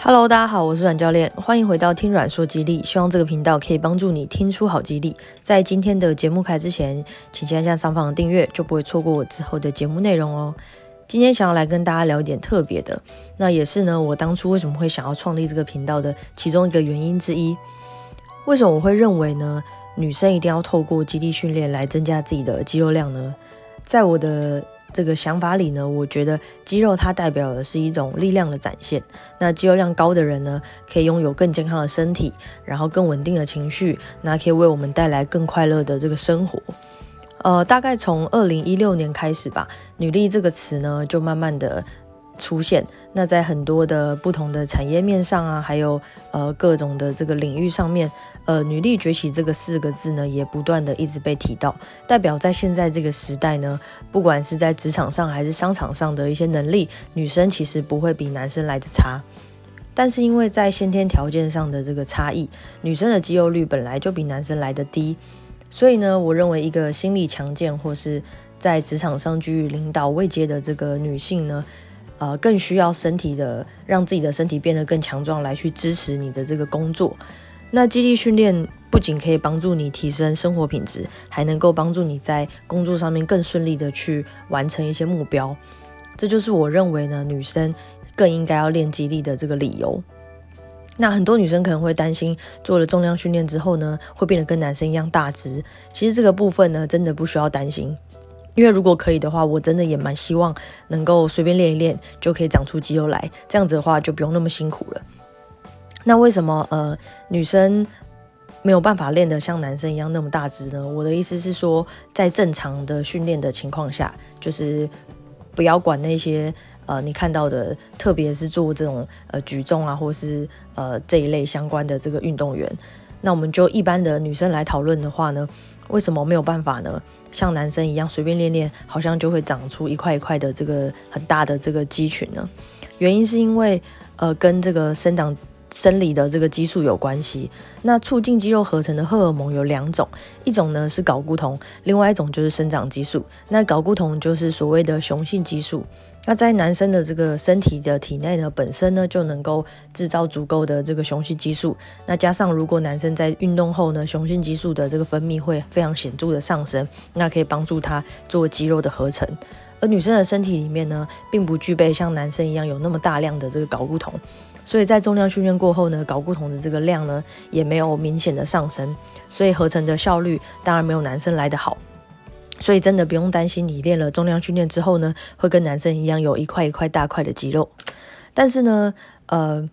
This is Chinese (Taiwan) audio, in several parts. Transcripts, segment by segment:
哈嘍，Hello, 大家好，我是阮教練，歡迎回到聽阮說肌力。希望這個頻道可以幫助你聽出好肌力。在今天的節目開始之前，請先按下上方的訂閱，就不會錯過我之後的節目內容哦。今天想要來跟大家聊一點特別的，那也是呢，我當初為什麼會想要創立這個頻道的其中一個原因之一。為什麼我會認為呢，女生一定要透過肌力訓練來增加自己的肌肉量呢？在我的這個想法裡呢，我覺得肌肉它代表的是一種力量的展現。那肌肉量高的人呢，可以擁有更健康的身體，然後更穩定的情緒，那可以為我們帶來更快樂的這個生活。呃，大概從二零一六年開始吧，“女力”這個詞呢，就慢慢的出現，那在很多的不同的產業面上啊，還有呃各種的這個領域上面，呃“女力崛起”這個四個字呢，也不斷的一直被提到，代表在現在這個時代呢，不管是在職場上還是商場上的一些能力，女生其實不會比男生來得差，但是因為在先天條件上的這個差異，女生的肌肉率本來就比男生來得低，所以呢，我認為一個心理強健或是在職場上居於領導位階的這個女性呢。呃，更需要身體的，讓自己的身體變得更強壯，來去支持你的這個工作。那肌力訓練不僅可以幫助你提升生活品質，還能夠幫助你在工作上面更順利的去完成一些目標。這就是我認為呢，女生更應該要練肌力的這個理由。那很多女生可能會擔心，做了重量訓練之後呢，會變得跟男生一樣大只。其實這個部分呢，真的不需要擔心。因為如果可以的話，我真的也蠻希望能夠隨便練一練就可以長出肌肉來，這樣子的話就不用那麼辛苦了。那為什麼呃女生沒有辦法練得像男生一樣那麼大只呢？我的意思是說，在正常的訓練的情況下，就是不要管那些呃你看到的，特別是做這種呃舉重啊，或是呃這一類相關的這個運動員。那我們就一般的女生來討論的話呢，為什麼沒有辦法呢？像男生一樣隨便練練，好像就會長出一塊一塊的這個很大的這個肌群呢？原因是因為，呃，跟這個生長、生理的這個激素有關係。那促進肌肉合成的荷爾蒙有兩種，一種呢是睾固酮，另外一種就是生長激素。那睾固酮就是所謂的雄性激素。那在男生的這個身體的體內呢，本身呢就能夠制造足夠的這個雄性激素。那加上，如果男生在運動後呢，雄性激素的這個分泌會非常顯著的上升，那可以幫助他做肌肉的合成。而女生的身體裡面呢，並不具備像男生一樣有那麼大量的這個睾固酮，所以在重量訓練過後呢，睾固酮的這個量呢，也沒有明顯的上升，所以合成的效率當然沒有男生來得好，所以真的不用擔心你練了重量訓練之後呢，會跟男生一樣有一塊一塊大塊的肌肉，但是呢，呃。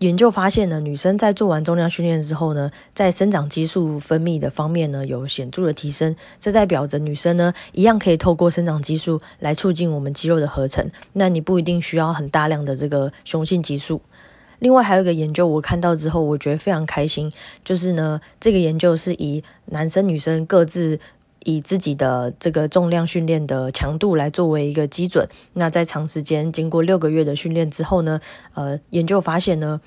研究發現呢，女生在做完重量訓練之後呢，在生長激素分泌的方面呢，有顯著的提升。這代表着女生呢一樣可以透過生長激素來促進我們肌肉的合成。那你不一定需要很大量的這個雄性激素。另外還有一個研究，我看到之後我覺得非常開心，就是呢，這個研究是以男生女生各自。以自己的這個重量訓練的強度來作為一個基準，那在長時間經過六個月的訓練之後呢，呃，研究發現呢，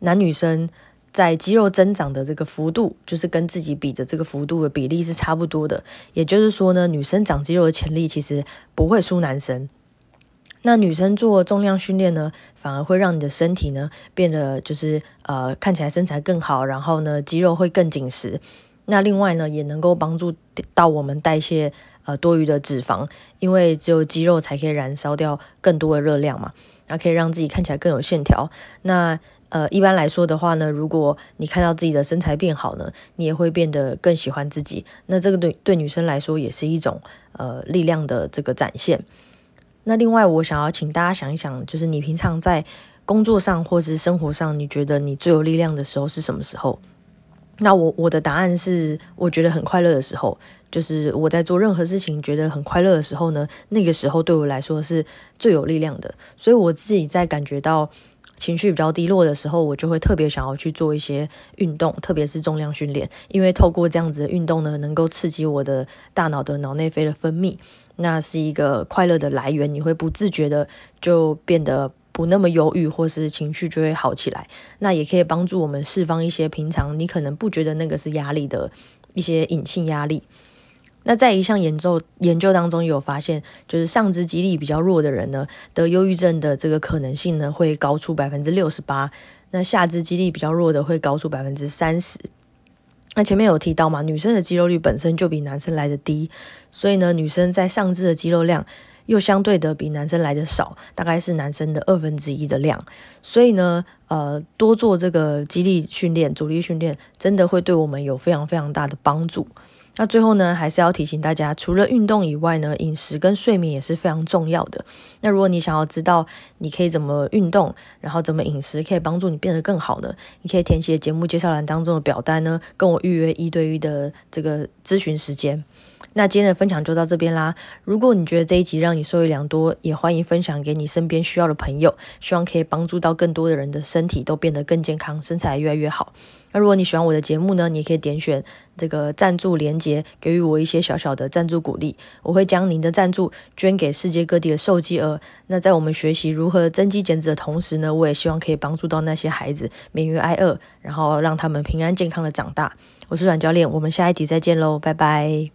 男女生在肌肉增長的這個幅度，就是跟自己比的這個幅度的比例是差不多的。也就是說呢，女生長肌肉的潛力其實不會輸男生。那女生做重量訓練呢，反而會讓你的身體呢變得就是呃看起來身材更好，然後呢肌肉會更緊實。那另外呢，也能夠幫助到我們代謝呃多餘的脂肪，因為只有肌肉才可以燃燒掉更多的熱量嘛。那可以讓自己看起來更有線條。那呃一般來說的話呢，如果你看到自己的身材變好呢，你也會變得更喜歡自己。那這個對對女生來說也是一種呃力量的這個展現。那另外，我想要請大家想一想，就是你平常在工作上或是生活上，你覺得你最有力量的時候是什麼時候？那我我的答案是，我覺得很快樂的時候，就是我在做任何事情覺得很快樂的時候呢，那個時候對我來說是最有力量的。所以我自己在感覺到情緒比較低落的時候，我就會特別想要去做一些運動，特別是重量訓練，因為透過這樣子的運動呢，能夠刺激我的大腦的腦內啡的分泌，那是一個快樂的來源，你會不自覺的就變得。不那麼憂鬱，或是情緒就會好起來。那也可以幫助我們釋放一些平常你可能不覺得那個是壓力的一些隱性壓力。那在一項研究研究當中有發現，就是上肢肌力比較弱的人呢，得憂鬱症的這個可能性呢會高出百分之六十八。那下肢肌力比較弱的會高出百分之三十。那前面有提到嘛，女生的肌肉率本身就比男生來得低，所以呢，女生在上肢的肌肉量。又相對的比男生來的少，大概是男生的二分之一的量，所以呢，呃，多做這個肌力訓練、阻力訓練，真的會對我們有非常非常大的幫助。那最後呢，還是要提醒大家，除了運動以外呢，飲食跟睡眠也是非常重要的。那如果你想要知道你可以怎麼運動，然後怎麼飲食可以幫助你變得更好呢？你可以填寫節目介紹欄當中的表單呢，跟我預約一對一的這個諮詢時間。那今天的分享就到這邊啦。如果你覺得這一集讓你受益良多，也歡迎分享給你身邊需要的朋友，希望可以幫助到更多的人的身體都變得更健康，身材越來越好。那如果你喜歡我的節目呢，你也可以點選這個贊助連結，給予我一些小小的贊助鼓勵。我會將您的贊助捐給世界各地的受飢兒。那在我們學習如何增肌減脂的同時呢，我也希望可以幫助到那些孩子免於挨餓，然後讓他們平安健康的長大。我是阮教練，我們下一集再見嘍，拜拜。